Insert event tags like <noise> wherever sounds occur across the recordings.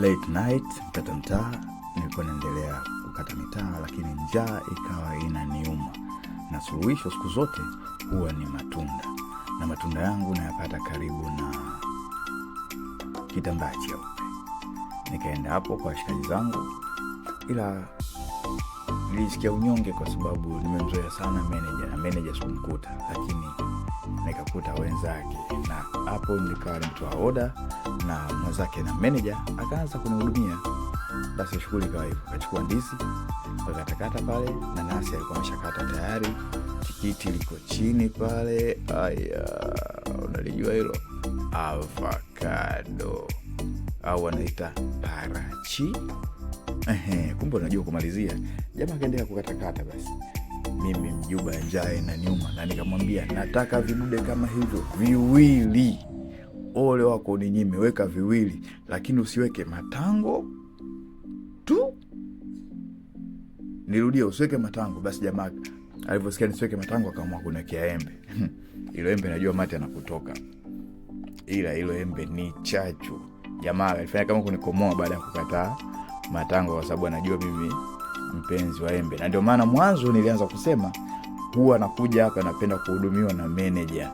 late night mkata mtaa, nilikuwa naendelea kukata mitaa, lakini njaa ikawa inaniuma, na suluhisho siku zote huwa ni matunda, na matunda yangu nayapata karibu na kitambaa cheupe. Nikaenda hapo kwa washikaji zangu, ila nilisikia unyonge kwa sababu nimemzoea sana meneja na meneja sikumkuta, lakini nikakuta wenzake nako hapo nikawa mtoa oda na mwenzake na meneja akaanza kunihudumia. Basi shughuli ikawa hivyo, kachukua ndizi akatakata pale, nanasi alikuwa ameshakata tayari, tikiti liko chini pale. Aya, unalijua hilo avocado au wanaita parachi. Ehe, kumbe unajua kumalizia. Jamaa akaendelea kukatakata basi mimi mjuba njae na nyuma, na nikamwambia nataka vidude kama hivyo viwili, ole wako ni nyime, weka viwili, lakini usiweke matango tu. Nirudia, usiweke matango. Basi jamaa alivyosikia nisiweke matango, akaamua kunekea embe <laughs> ilo embe najua mate anakutoka, ila ilo embe ni chachu. Jamaa alifanya kama kunikomoa baada ya kukataa matango, kwa sababu anajua mimi mpenzi wa embe, na ndio maana mwanzo nilianza kusema huwa anakuja hapa, anapenda kuhudumiwa na meneja.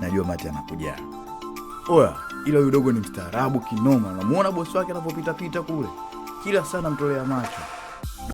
Najua mate anakuja oya, ila huyu dogo ni mstaarabu kinoma. Namuona bosi wake anapopitapita kule, kila sana mtolea macho.